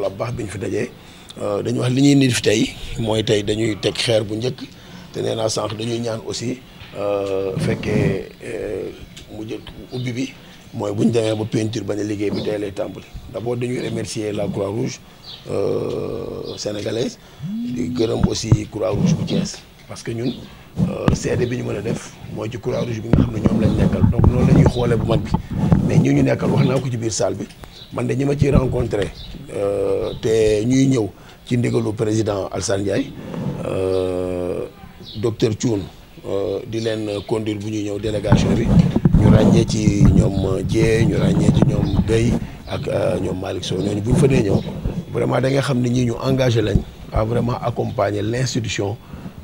yàlla bu baax bi ñu fi dajee euh, dañuy wax li ñuy nit fi tey mooy tey dañuy teg xeer bu njëkk te nee naa sànq dañuy ñaan aussi euh, fekkee euh, mu jël ubbi bi mooy bu ñu demee ba peinture ba ne liggéey bi tey lay tàmbali d'abord dañuy remercier la Croix-Rouge sénégalaise di gërëm aussi Croix-Rouge bu Thiès parce que ñun seede bi ñu mën a def mooy ci Croix-Rouge bi nga xam ne ñoom lañ nekkal donc noonu la ñuy xoolee bu mag bi mais ñu ñu nekkal wax naa ko ci biir saal bi man de ñi Euh, te ñuy ñëw ci ndigalu président Alsane Ndiaye euh, docteur Thioune euh, di leen conduire bu ñuy ñëw délégation bi ñu ràññee ci ñoom Dieng ñu ràññee ci ñoom Guèye ak ñoom Malick Sow ñooñu bu ñu fa dee ñëw vraiment da nga xam ne ñii ñu engagé lañ à vraiment accompagner l'institution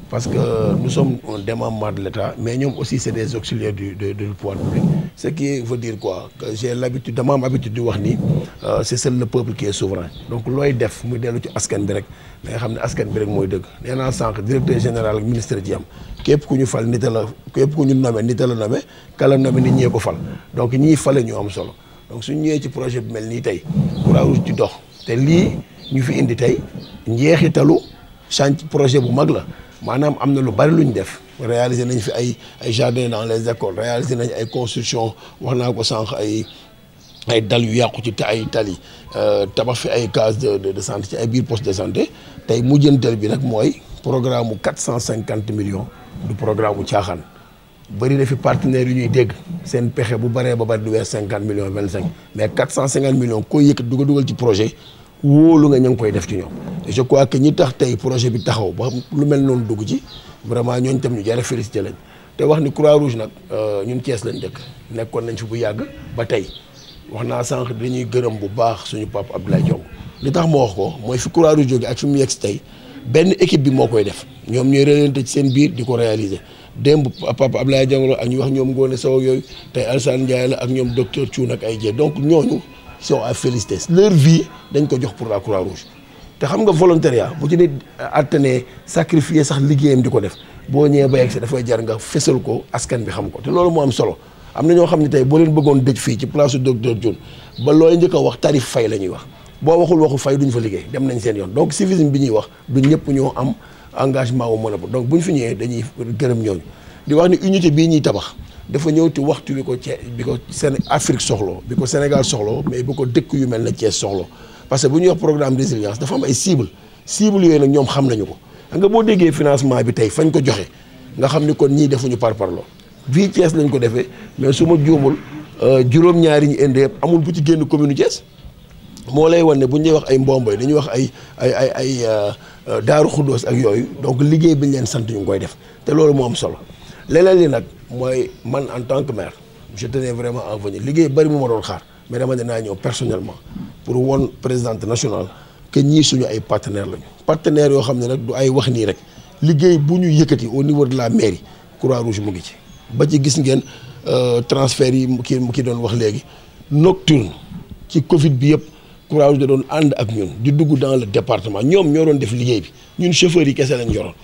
parce que nous sommes un démembrement de l'État, mais ñoom aussi c'est des auxiliaires du, de, du pouvoir public. Ce qui veut dire quoi Que j'ai l'habitude, de mon habitude de dire euh, c'est seul le peuple qui est souverain. Donc, ce qu'il def, c'est qu'il y a Askan Berek. Il y a Askan Berek, c'est le centre, directeur général, ministre am Képp ku ñu fal nit la képp ku ñu nommé nit la nommé kala nommé nit ñee ko fal donc ñii fale ñu am solo donc suñ ñëwee ci projet bi mel nii tey Croix-Rouge dox te lii ñu fi indi tey njeexitalu chantier projet bu mag la maanaam am na lu bari lu ñu def réaliser nañ fi ay ay jardin dans les écoles réaliser nañ ay construction wax naa ko sànq ay ay dal yu yàqu ci te ay tali euh, tabax fi ay case de de santé ci ay biir poste de santé tey mujjantal bi nag mooy programme mu quatre cent cinquante millions du programme caaxaan bëri na fi partenaires yu ñuy dégg seen pexe bu baree ba bari du weer cinquante vingt cinq mais quatre cent cinquante millions koo yëkkat du ko dugal ci projet wóolu nga ña ngi koy def ci ñoom. te je crois que ñu tax tey projet bi taxaw ba lu mel noonu dugg ci vraiment ñooñ tam ñu jar a félicité lañ te wax ni croix rouge nag euh, ñun Thiès lañ dëkk nekkoon nañ fi bu yàgg ba tey wax naa sànq dañuy gërëm bu baax suñu papa Abdoulaye Diong li tax ma wax ko mooy fi croix rouge jóge ak fi mu yegg tey benn équipe bi moo koy def ñoom ñooy relante ci seen biir di ko réaliser démb papa Abdoulaye Diong la ak ñu wax ñoom Ngoné Sow ak yooyu tey Alassane Ndiaye la ak ñoom docteur Thioune nag ay jee donc ñooñu sont à féliciter leur vie dañ ko jox pour la croix rouge te xam nga volontariat bu ci nit àttanee sacrifier sax liggéeyam di ko def boo ñëwee ba yegg si dafay jar nga fesal ko askan bi xam ko te loolu moo am solo am na ñoo xam ne tey boo leen bëggoon dëj fii ci place docteur Diouf ba looy njëkk a wax tarif fay la ñuy wax boo waxul waxu fay duñ fa liggéey dem nañ seen yoon donc civisme bi ñuy wax du ñëpp ñoo am engagement wu mën a donc bu fi ñëwee dañuy gërëm ñooñu di wax ni unité bii ñuy tabax. dafa ñëw ci waxtu bi ko Thiès bi ko Séné Afrique soxlo bi ko Sénégal soxlo mais bu ko dëkk yu mel na Thiès soxlo parce que bu ñu wax programme de résilience dafa am ay cible cible yooyu nag ñoom xam nañu ko xam nga boo déggee financement bi tey fañ ko joxe nga xam ni kon ñii defuñu par parloo bii Thiès lañ ko defee mais su ma juumul euh, juróom-ñaari ñu indi yëpp amul bu ci génn commune Thiès moo lay wan ne bu ñu ñuy wax ay mbomboy dañuy wax ay ay ay ay euh, daaru xuddoos ak yooyu donc liggéey bi ñu leen sant ñu ngi koy def te loolu moo am solo leneen li nag mooy man en tant que maire je tenais vraiment à liggéey bari mu ma doon xaar mais dama ne naa ñëw personnellement pour won présidente national que ñii suñu ay partenaires lañu partenaires yoo xam ne nag du ay wax nii rek liggéey bu ñu yëkkati au niveau de la mairie croix rouge mu ngi ci ba ci gis ngeen euh, transfert yi ki ki doon wax léegi nocturne ci covid bi yëpp croix rouge da doon ànd ak ñun di dugg dans le département ñoom ñoo doon def liggéey bi ñun chauffeurs yi kese lañ yoroon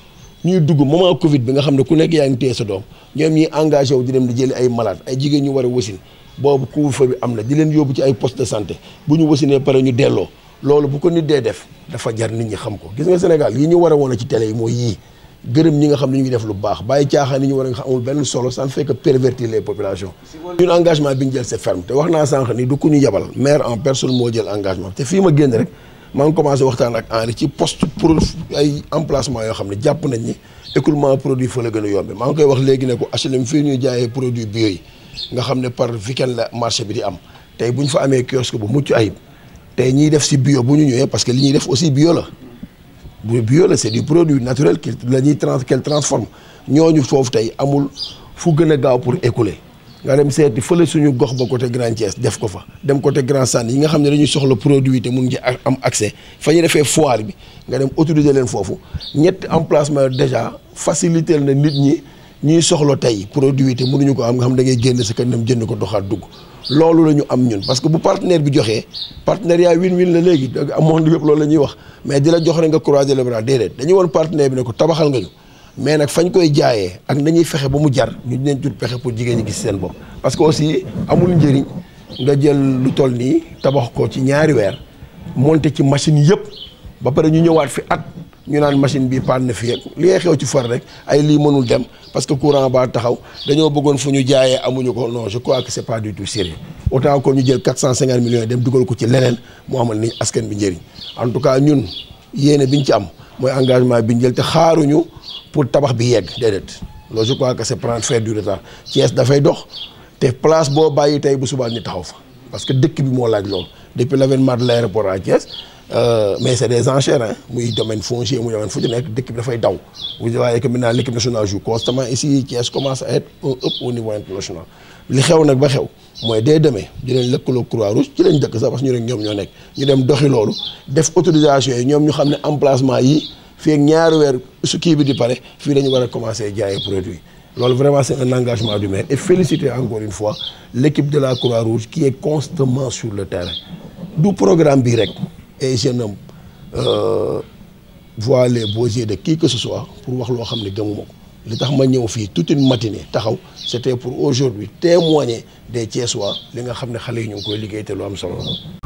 ñuy dugg moment Covid bi nga xam ne ku nekk yaa ngi téye sa doom ñoom ñuy engagé wu di dem di jëli ay malade ay jigéen ñu war a wasin boobu couvre-feu bi am na di leen yóbbu ci ay poste de santé bu ñu wasinee pare ñu delloo loolu bu ko nit dee def dafa jar nit ñi xam ko gis nga Sénégal yi ñu war a woon ci télé yi mooy yii gërëm ñi nga xam ne ñu ngi def lu baax bàyyi caaxaan ñu war a nga xam benn solo ça ne fait que pervertir les ñun engagement bi ñu jël c'est te wax naa sànq ni du ku ñu yabal maire en personne moo jël engagement te fii ma génn rek maa ngi commencé waxtaan ak Henri ci post pour ay emplacement yoo xam ne jàpp nañ ni écoulement produit fa la gën a yombe maa ngi koy wax léegi ne ko HLM fii ñuy jaayee produit bio yi nga xam ne par weekend la marché bi di am tey bu ñu fa amee kiosque bu mucc ayib tey ñiy def si bio bu ñu ñëwee parce que li ñuy def aussi bio la bu bio la c'est du produit naturel qui la ñuy trans qu'elle transforme ñooñu foofu tey amul fu gën a gaaw pour écouler nga dem seeti fële suñu gox ba côté Grand Thiès def ko fa dem côté Grand Sane yi nga xam ne dañuy soxla produit te mun ci am accès fa ñu defee foire bi nga dem autorisé leen foofu ñetti emplacement déjà faciliter na nit ñi ñuy soxla tey produit te mënuñu ko am nga xam da ngay génn sa kër dem jënd ko doxaat dugg loolu la ñu am ñun parce que bu partenaire bi joxee partenariat win-win la léegi amoon na yëpp loolu la ñuy wax mais di la jox rek nga croiser le bras déedéet dañu woon partenaire bi ne ko tabaxal nga mais nag fañ koy jaayee ak nañuy fexe ba mu jar ñu dinañ tut pexe pour jigéen ñi gis seen bopp. parce que aussi amul njëriñ nga jël lu toll nii tabax ko ci ñaari weer monter ci machine yëpp ba pare ñu ñëwaat fi at ñu naan machine bi panne na fi ak li ngay xew ci far rek ay lii mënul dem parce que courant baa taxaw dañoo bëggoon fu ñu jaayee amuñu ko non je crois que c'est pas du tout sérieux autant que ñu jël 450 millions dem dugal ko ci leneen mu amal ni asken bi njëriñ en tout cas ñun yéene biñ ci am. mooy engagement bi ñu jël te xaaruñu pour tabax bi yegg déedéet loolu je crois que c'est prendre faire du retard Thiès dafay dox te place boo bàyyi tey bu subaa ñu taxaw fa parce que dëkk bi moo laaj loolu depuis l'avènement de l'aéroport à Thiès Euh, mais c' est des enchères muy domaine foncier muy domaine fu ci nekk dëkk bi dafay daw vous voyez que maintenant l' équipe nationale joue constamment ici Thiès commence à être un hub au niveau international li xew nag ba xew mooy demee demain dinañ lëkkaloo croix rouge ci lañ dëkk sax parce que ñu ne ñoom ñoo nekk ñu dem doxi loolu def autorisation yi ñoom ñu xam ne emplacement yi fii ñaari weer su kii bi di pare fii dañu war a commencé jaayee produit loolu vraiment c' est un engagement du maire et féliciter l' équipe de la croix rouge qui est constamment programme bii rek et jeune homme euh, voir les beaux yeux de qui que ce soit pour wax loo xam ne gëmuma ko li tax ma ñëw fii tout une matinée taxaw c'était pour aujourd'hui de des Thiessois li nga xam ne xale yi ñu ngi koy liggéey te lu am solo